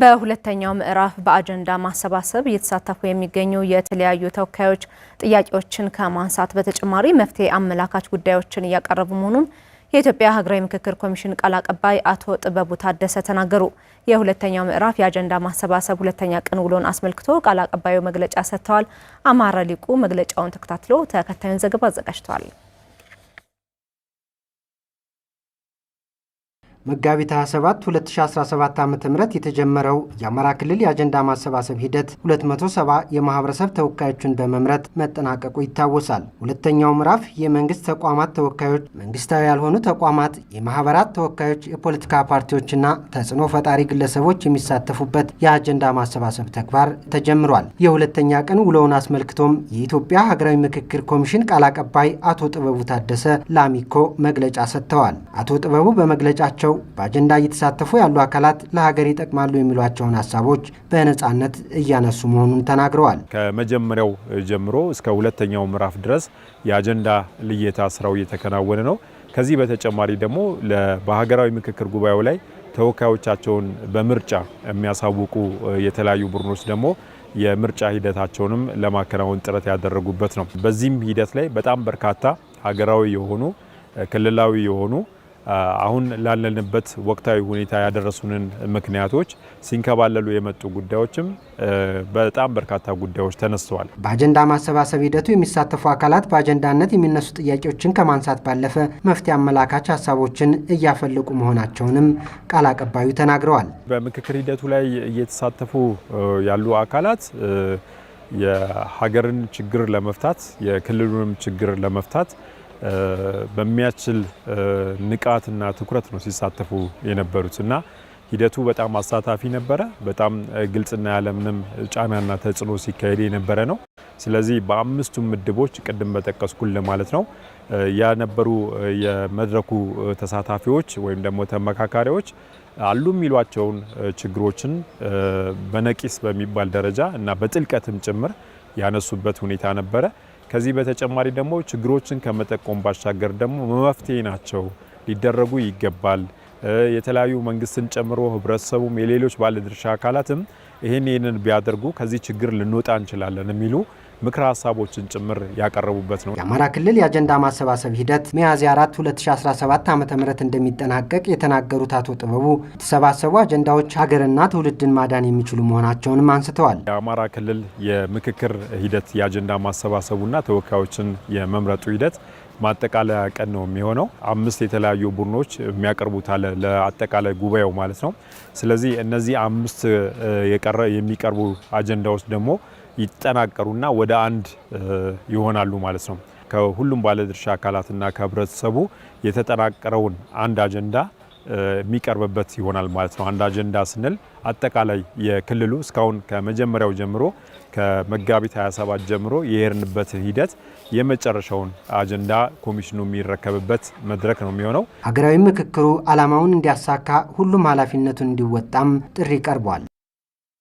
በሁለተኛው ምዕራፍ በአጀንዳ ማሰባሰብ እየተሳተፉ የሚገኙ የተለያዩ ተወካዮች ጥያቄዎችን ከማንሳት በተጨማሪ መፍትሄ አመላካች ጉዳዮችን እያቀረቡ መሆኑን የኢትዮጵያ ሀገራዊ ምክክር ኮሚሽን ቃል አቀባይ አቶ ጥበቡ ታደሰ ተናገሩ። የሁለተኛው ምዕራፍ የአጀንዳ ማሰባሰብ ሁለተኛ ቀን ውሎን አስመልክቶ ቃል አቀባዩ መግለጫ ሰጥተዋል። አማረ ሊቁ መግለጫውን ተከታትሎ ተከታዩን ዘገባ አዘጋጅተዋል። መጋቢት 27 2017 ዓ ም የተጀመረው የአማራ ክልል የአጀንዳ ማሰባሰብ ሂደት 270 የማህበረሰብ ተወካዮችን በመምረጥ መጠናቀቁ ይታወሳል። ሁለተኛው ምዕራፍ የመንግስት ተቋማት ተወካዮች፣ መንግስታዊ ያልሆኑ ተቋማት፣ የማህበራት ተወካዮች፣ የፖለቲካ ፓርቲዎችና ተጽዕኖ ፈጣሪ ግለሰቦች የሚሳተፉበት የአጀንዳ ማሰባሰብ ተግባር ተጀምሯል። የሁለተኛ ቀን ውሎውን አስመልክቶም የኢትዮጵያ ሀገራዊ ምክክር ኮሚሽን ቃል አቀባይ አቶ ጥበቡ ታደሰ ላሚኮ መግለጫ ሰጥተዋል። አቶ ጥበቡ በመግለጫቸው በአጀንዳ እየተሳተፉ ያሉ አካላት ለሀገር ይጠቅማሉ የሚሏቸውን ሀሳቦች በነፃነት እያነሱ መሆኑን ተናግረዋል። ከመጀመሪያው ጀምሮ እስከ ሁለተኛው ምዕራፍ ድረስ የአጀንዳ ልየታ ስራው እየተከናወነ ነው። ከዚህ በተጨማሪ ደግሞ በሀገራዊ ምክክር ጉባኤው ላይ ተወካዮቻቸውን በምርጫ የሚያሳውቁ የተለያዩ ቡድኖች ደግሞ የምርጫ ሂደታቸውንም ለማከናወን ጥረት ያደረጉበት ነው። በዚህም ሂደት ላይ በጣም በርካታ ሀገራዊ የሆኑ ክልላዊ የሆኑ አሁን ላለንበት ወቅታዊ ሁኔታ ያደረሱንን ምክንያቶች ሲንከባለሉ የመጡ ጉዳዮችም በጣም በርካታ ጉዳዮች ተነስተዋል። በአጀንዳ ማሰባሰብ ሂደቱ የሚሳተፉ አካላት በአጀንዳነት የሚነሱ ጥያቄዎችን ከማንሳት ባለፈ መፍትሄ አመላካች ሀሳቦችን እያፈለቁ መሆናቸውንም ቃል አቀባዩ ተናግረዋል። በምክክር ሂደቱ ላይ እየተሳተፉ ያሉ አካላት የሀገርን ችግር ለመፍታት የክልሉንም ችግር ለመፍታት በሚያስችል ንቃትና ትኩረት ነው ሲሳተፉ የነበሩት እና ሂደቱ በጣም አሳታፊ ነበረ። በጣም ግልጽና ያለምንም ጫናና ተጽዕኖ ሲካሄድ የነበረ ነው። ስለዚህ በአምስቱም ምድቦች ቅድም በጠቀስኩል ማለት ነው ያነበሩ የመድረኩ ተሳታፊዎች ወይም ደግሞ ተመካካሪዎች አሉ የሚሏቸውን ችግሮችን በነቂስ በሚባል ደረጃ እና በጥልቀትም ጭምር ያነሱበት ሁኔታ ነበረ። ከዚህ በተጨማሪ ደግሞ ችግሮችን ከመጠቆም ባሻገር ደግሞ መፍትሄ ናቸው ሊደረጉ ይገባል። የተለያዩ መንግስትን ጨምሮ ህብረተሰቡም፣ የሌሎች ባለድርሻ አካላትም ይህን ይህንን ቢያደርጉ ከዚህ ችግር ልንወጣ እንችላለን የሚሉ ምክረ ሀሳቦችን ጭምር ያቀረቡበት ነው። የአማራ ክልል የአጀንዳ ማሰባሰብ ሂደት ሚያዝያ 4 2017 ዓ ም እንደሚጠናቀቅ የተናገሩት አቶ ጥበቡ የተሰባሰቡ አጀንዳዎች ሀገርና ትውልድን ማዳን የሚችሉ መሆናቸውንም አንስተዋል። የአማራ ክልል የምክክር ሂደት የአጀንዳ ማሰባሰቡና ተወካዮችን የመምረጡ ሂደት ማጠቃለያ ቀን ነው የሚሆነው። አምስት የተለያዩ ቡድኖች የሚያቀርቡት አለ ለአጠቃላይ ጉባኤው ማለት ነው። ስለዚህ እነዚህ አምስት የሚቀርቡ አጀንዳዎች ደግሞ ይጠናቀሩና ወደ አንድ ይሆናሉ ማለት ነው። ከሁሉም ባለድርሻ አካላትና ከህብረተሰቡ የተጠናቀረውን አንድ አጀንዳ የሚቀርብበት ይሆናል ማለት ነው። አንድ አጀንዳ ስንል አጠቃላይ የክልሉ እስካሁን ከመጀመሪያው ጀምሮ ከመጋቢት 27 ጀምሮ የሄድንበት ሂደት የመጨረሻውን አጀንዳ ኮሚሽኑ የሚረከብበት መድረክ ነው የሚሆነው። ሀገራዊ ምክክሩ ዓላማውን እንዲያሳካ ሁሉም ኃላፊነቱን እንዲወጣም ጥሪ ቀርቧል።